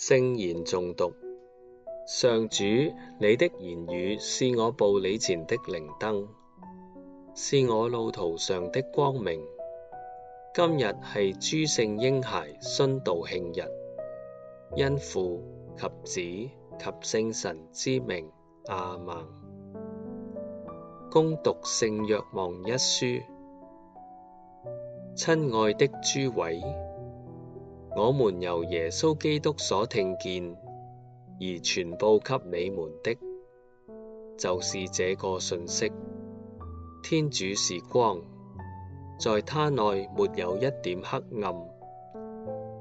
聖言誦讀，上主，你的言語是我步履前的靈燈，是我路途上的光明。今日係諸聖嬰孩殉道慶日，因父及子及聖神之名阿孟。恭讀聖若望一書，親愛的諸位。我們由耶穌基督所聽見，而傳報給你們的，就是這個信息。天主是光，在他內沒有一點黑暗。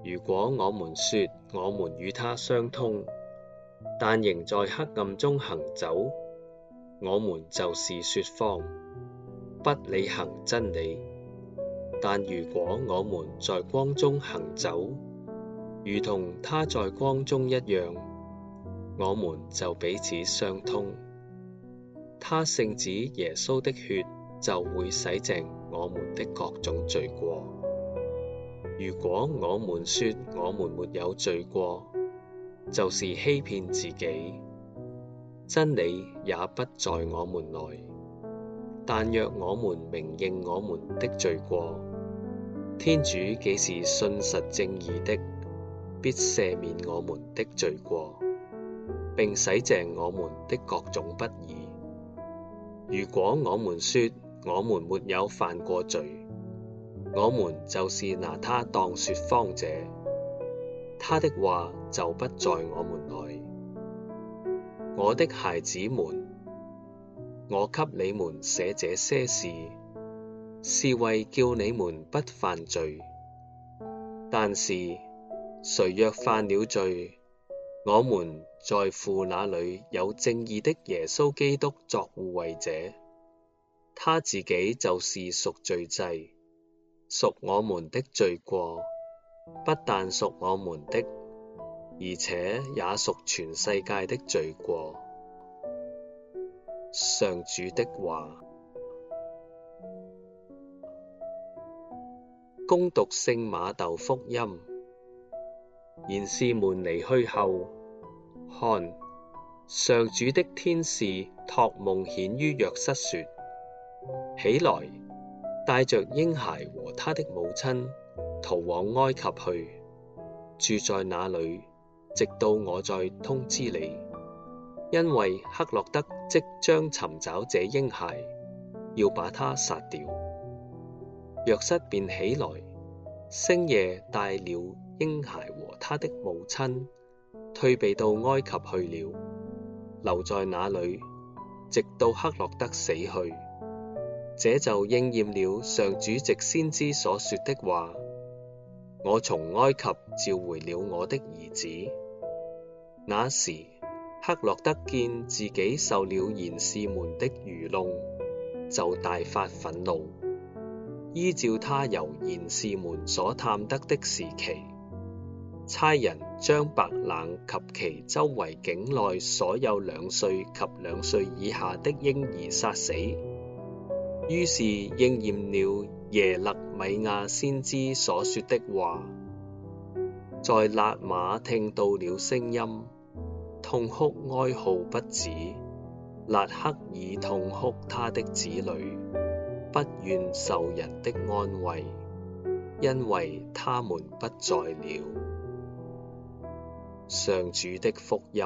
如果我們說我們與祂相通，但仍在黑暗中行走，我們就是說謊，不履行真理。但如果我們在光中行走，如同他在光中一樣，我們就彼此相通。他聖子耶穌的血就會洗淨我們的各種罪過。如果我們說我們沒有罪過，就是欺騙自己。真理也不在我們內。但若我們明認我們的罪過，天主既是信實正義的，必赦免我們的罪過，並洗淨我們的各種不義。如果我們說我們沒有犯過罪，我們就是拿他當說謊者，他的話就不在我們內。我的孩子們。我給你們寫這些事，是為叫你們不犯罪。但是，誰若犯了罪，我們在父那裏有正義的耶穌基督作護衛者，他自己就是贖罪祭，贖我們的罪過，不但贖我們的，而且也贖全世界的罪過。上主的話，恭讀聖馬竇福音。賢士們離去後，看上主的天使託夢顯於若瑟說：起來，帶着嬰孩和他的母親逃往埃及去，住在那裡，直到我再通知你。因為黑落德即將尋找這嬰孩，要把他殺掉。約瑟便起來，星夜帶了嬰孩和他的母親，退避到埃及去了，留在那裏，直到黑落德死去。這就應驗了上主藉先知所說的話：我從埃及召回了我的兒子。那時。黑落德見自己受了賢士們的愚弄，就大發忿怒。依照他由賢士們所探得的時期，差人將白冷及其周圍境內所有兩歲及兩歲以下的嬰兒殺死。於是應驗了耶肋米亞先知所說的話，在辣瑪聽到了聲音，痛哭哀號不止，辣黑耳痛哭她的子女，不願受人的安慰，因為他們不在了。上主的福音。